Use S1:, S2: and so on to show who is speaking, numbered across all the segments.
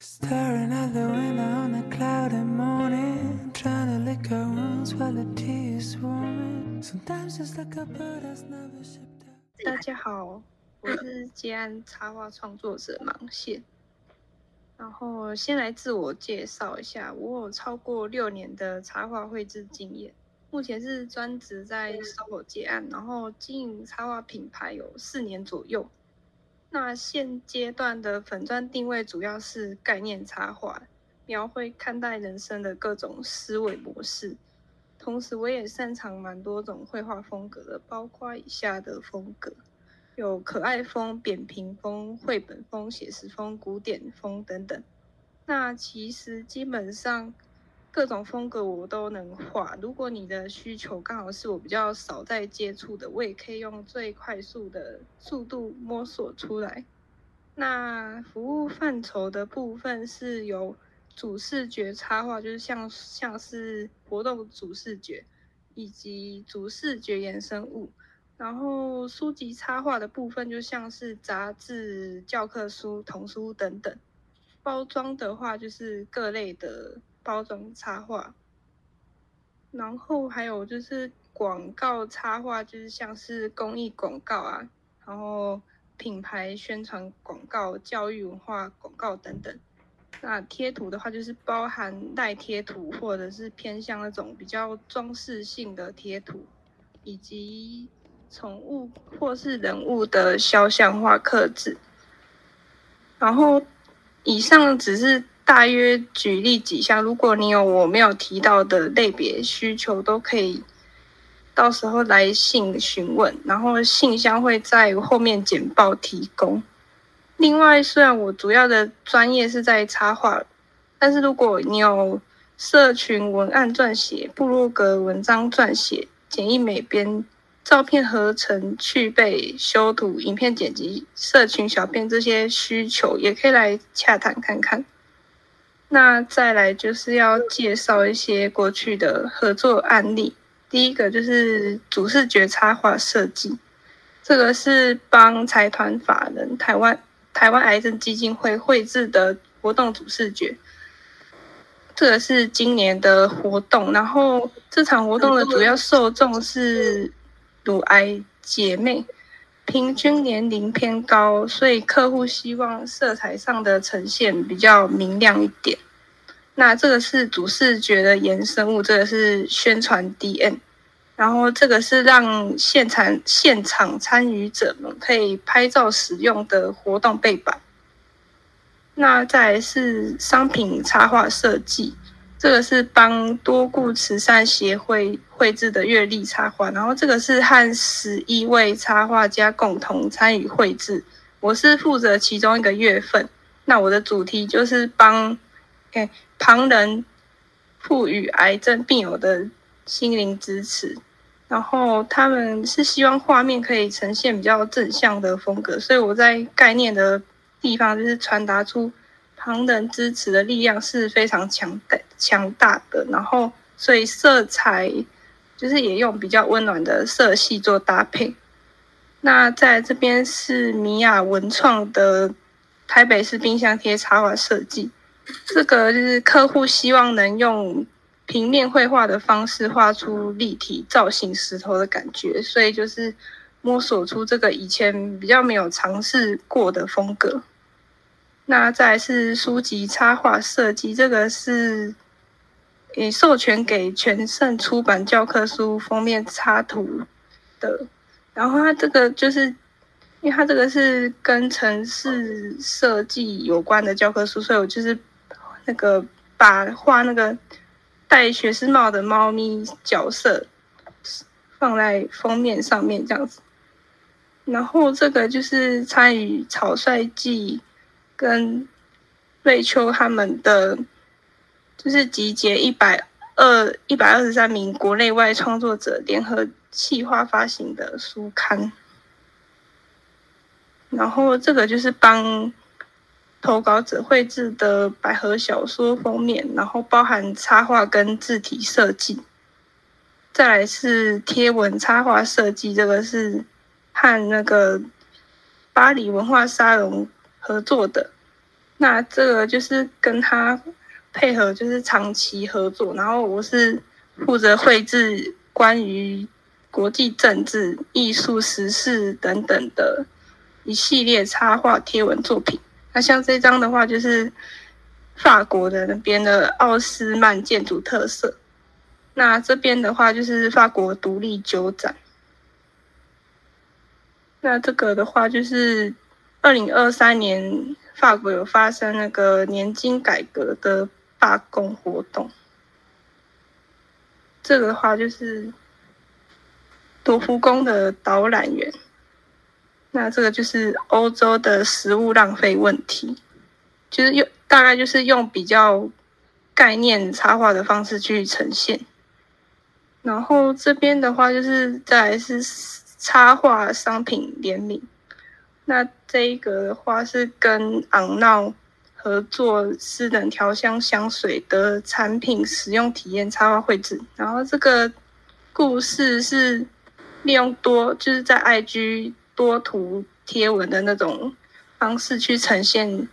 S1: 大家好，我是接案插畫創作者芒現。然後先來自我介紹一下，我有超過六年的插畫繪製經驗，目前是專職在 solo 接案，然後經營插畫品牌，有四年左右。那現階段的品牌定位主要是概念插畫，描繪看待人生的各種思維模式。同時，我也擅長蠻多種繪畫風格的，包括以下的風格：有可愛風、扁平風、繪本風、寫實風、古典風等等。那其實基本上。各種風格我都能畫。如果你的需求剛好是我比較少在接觸的，我也可以用最快速的速度摸索出來。那服務範疇的部分是由主視覺插畫，就是像像是活動主視覺，以及主視覺衍生物。然後書籍插畫的部分，就像是雜誌、教科書、童書等等。包裝的話，就是各類的。包裝插畫，然後還有就是廣告插畫，就是像是公益廣告啊，然後品牌宣傳廣告、教育文化廣告等等。那貼圖的話，就是包含賴貼圖或者是偏向那種比較裝飾性的貼圖，以及寵物或是人物的肖像畫客製。然後以上只是。大約舉例幾項，如果你有我沒有提到的類別需求，都可以到時候來信詢問，然後信箱會在後面簡報提供。另外，雖然我主要的專業是在插畫，但是如果你有社群文案撰寫、部落格文章撰寫、簡易美編、照片合成、去背、修圖、影片剪輯、社群小編這些需求，也可以來洽談看看。那再來就是要介紹一些過去的合作案例。第一個就是主視覺插畫設計，這個是幫財團法人台灣台灣癌症基金會繪制的活動主視覺。這個是今年的活動，然後這場活動的主要受眾是乳癌姐妹。平均年齡偏高，所以客戶希望色彩上的呈現比較明亮一點。那這個是主視覺的延伸物，這個是宣傳 DM，然後這個是讓現場現場參與者們可以拍照使用的活動背板。那再來是商品插畫設計。這個是幫多固慈善協會繪製的月曆插畫，然後這個是和十一位插畫家共同參與繪製，我是負責其中一個月份，那我的主題就是幫，旁人賦予癌症病友的心靈支持，然後他們是希望畫面可以呈現比較正向的風格，所以我在概念的地方就是傳達出。旁人支持的力量是非常強的，強大的。然後，所以色彩就是也用比較溫暖的色系做搭配。那在這邊是米雅文創的台北市冰箱貼插畫設計。這個就是客戶希望能用平面繪畫的方式畫出立體造型石頭的感覺，所以就是摸索出這個以前比較沒有嘗試過的風格。那再來是書籍插畫設計，這個是，授權給全盛出版教科書封面插圖的。然後它這個就是，因為它這個是跟城市設計有關的教科書，所以我就是那個把畫那個戴學士帽的貓咪角色放在封面上面這樣子。然後這個就是參與草率季。跟瑞秋他們的，就是集結一百二一百二十三名國內外創作者聯合企劃發行的書刊，然後這個就是幫投稿者繪製的百合小說封面，然後包含插畫跟字體設計，再來是貼文插畫設計，這個是和那個巴黎文化沙龍。合作的，那這個就是跟他配合，就是長期合作。然後我是負責繪製關於國際政治、藝術、時事等等的一系列插畫、貼文作品。那像這張的話，就是法國的那邊的奧斯曼建築特色。那這邊的話，就是法國獨立酒展。那這個的話，就是。二零二三年，法國有發生那個年金改革的罷工活動。這個的話就是，盧浮宮的導覽員。那這個就是歐洲的食物浪費問題，就是用大概就是用比較概念插畫的方式去呈現。然後這邊的話就是，再來是插畫商品聯名。那這一個的話是跟昂鬧合作私人調香香水的產品使用體驗插畫繪製，然後這個故事是利用多，就是在 IG 多圖貼文的那種方式去呈現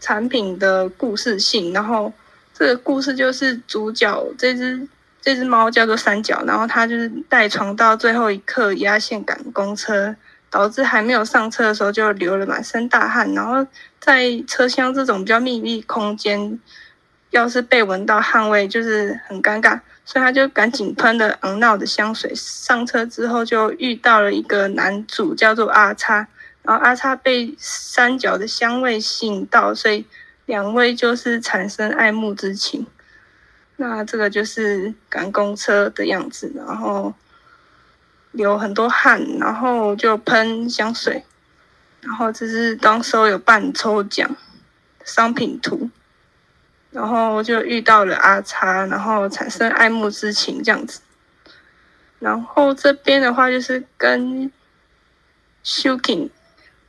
S1: 產品的故事性，然後這個故事就是主角這隻這隻貓叫做三角，然後它就是帶床到最後一刻壓線趕公車，導致還沒有上車的時候就流了滿身大汗，然後在車廂這種比較密閉空間，要是被聞到汗味就是很尷尬，所以他就趕緊噴了昂鬧的香水。上車之後就遇到了一個男主叫做阿叉，然後阿叉被三角的香味吸引到，所以兩位就是產生愛慕之情。那這個就是趕公車的樣子，然後。流很多汗，然後就噴香水，然後這是當時候有辦抽獎商品圖，然後就遇到了阿叉，然後產生愛慕之情這樣子。然後這邊的話就是跟 Shuking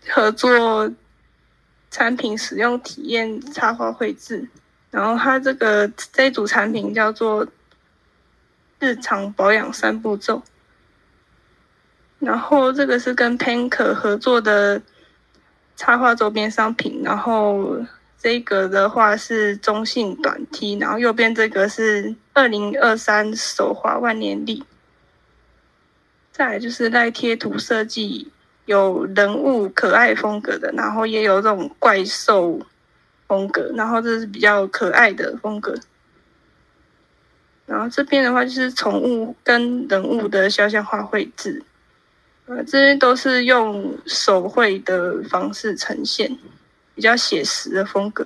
S1: 合作產品使用體驗插畫繪制，然後它這個這一組產品叫做日常保養三步驟。然後這個是跟 Panker 合作的插畫周邊商品，然後這個的話是中性短 T，然後右邊這個是二零二三手畫萬年曆，再來就是賴貼圖設計，有人物可愛風格的，然後也有這種怪獸風格，然後這是比較可愛的風格，然後這邊的話就是寵物跟人物的肖像畫繪製。這些都是用手繪的方式呈現，比較寫實的風格。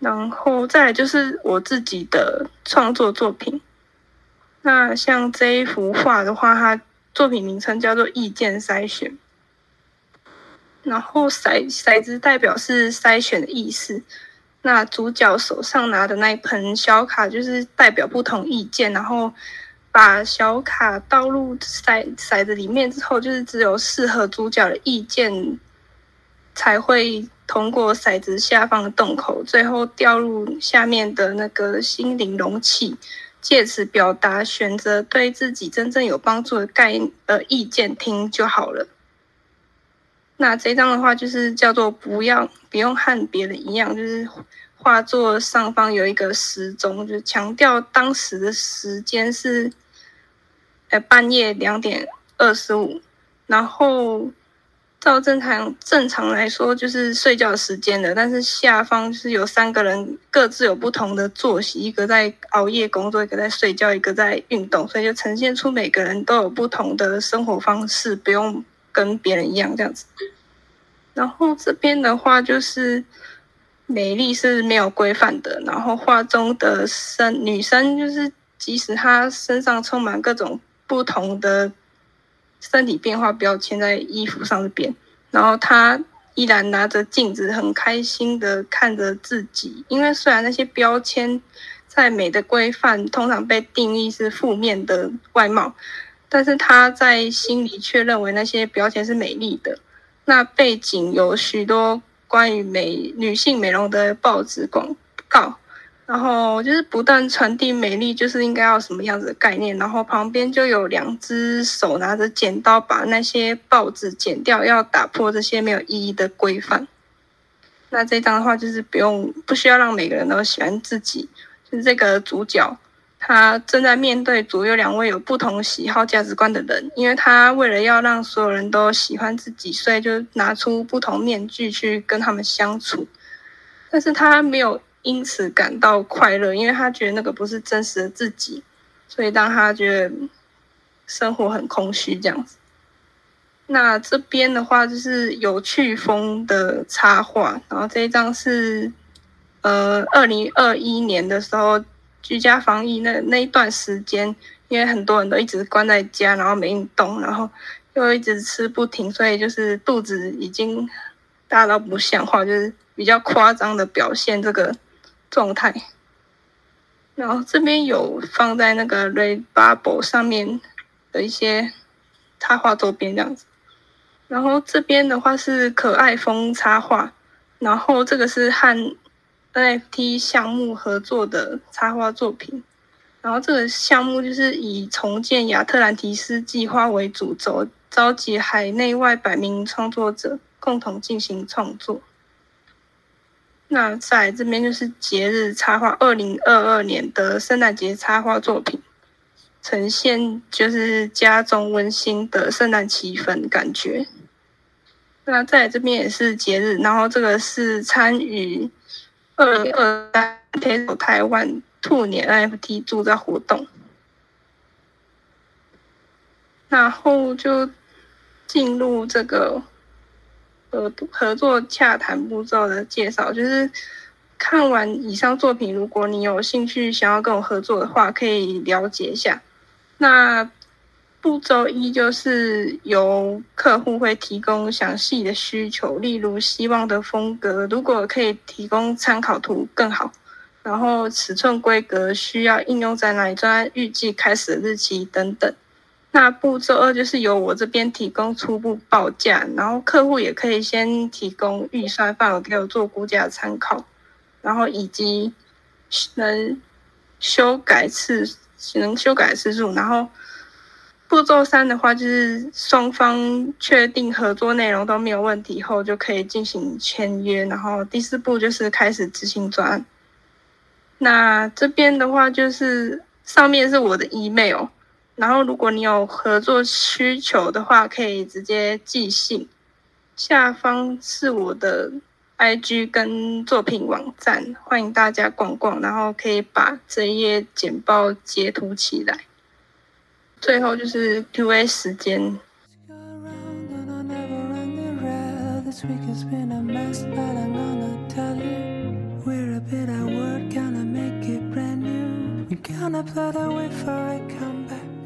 S1: 然後再來就是我自己的創作作品。那像這一幅畫的話，它作品名稱叫做“意見篩選”。然後骰骰子代表是篩選的意思。那主角手上拿的那一盆小卡，就是代表不同意見，然後。把小卡倒入篩篩子裡面之後，就是只有適合主角的意見才會通過篩子下方的洞口，最後掉入下面的那個心靈容器，借此表達選擇對自己真正有幫助的概呃意見聽就好了。那這張的話就是叫做不要，不用和別人一樣，就是畫作上方有一個時鐘，就是強調當時的時間是。呃半夜兩點二十五，然後照正常正常來說就是睡覺時間的，但是下方是有三個人，各自有不同的作息：一個在熬夜工作，一個在睡覺，一個在運動。所以就呈現出每個人都有不同的生活方式，不用跟別人一樣這樣子。然後這邊的話，就是美麗是沒有規範的。然後畫中的生女生，就是即使她身上充滿各種。不同的身體變化標籤在衣服上的邊，然後他依然拿着鏡子，很開心的看着自己。因為雖然那些標籤在美的規範通常被定義是負面的外貌，但是他在心裡卻認為那些標籤是美麗的。那背景有許多關於美女性美容的報紙廣告。然後就是不斷傳遞美麗，就是應該要什麼樣子的概念。然後旁邊就有兩只手拿着剪刀，把那些報紙剪掉，要打破這些沒有意義的規範。那這張的話，就是不用不需要讓每個人都喜歡自己。就是這個主角，他正在面對左右兩位有不同喜好價值觀的人，因為他為了要讓所有人都喜歡自己，所以就拿出不同面具去跟他們相處，但是他沒有。因此感到快樂，因為他覺得那個不是真實的自己，所以讓他覺得生活很空虛這樣子。那這邊的話就是有趣風的插畫，然後這一張是呃2021年的時候居家防疫那那一段時間，因為很多人都一直關在家，然後沒運動，然後又一直吃不停，所以就是肚子已經大到不像話，就是比較誇張的表現這個狀態，然後這邊有放在那個 Redbubble 上面的一些插畫周邊這樣子，然後這邊的話是可愛風插畫，然後這個是和 NFT 項目合作的插畫作品，然後這個項目就是以重建亞特蘭蒂斯計劃為主軸，召集海內外百名創作者共同進行創作。那在這邊就是節日插畫，二零二二年的聖誕節插畫作品，呈現就是家中溫馨的聖誕氣氛感覺。那在這邊也是節日，然後這個是參與二零二三台台灣兔年 NFT 鑄造活動，然後就進入這個。合合作洽談步驟的介紹，就是看完以上作品，如果你有興趣想要跟我合作的話，可以了解一下。那步驟一就是由客戶會提供詳細的需求，例如希望的風格，如果可以提供參考圖更好，然後尺寸規格需要應用在哪裡，專案預計開始日期等等。那步驟二就是由我這邊提供初步報價，然後客戶也可以先提供預算範圍給我做估價的參考，然後以及能修改次，能修改次數，然後步驟三的話就是雙方確定合作內容都沒有問題後就可以進行簽約，然後第四步就是開始執行專案。那這邊的話就是上面是我的 email。然後，如果你有合作需求的話，可以直接寄信。下方是我的 IG 跟作品網站，歡迎大家逛逛，然後可以把這一頁簡報截圖起來。最後就是 Q&A 時間。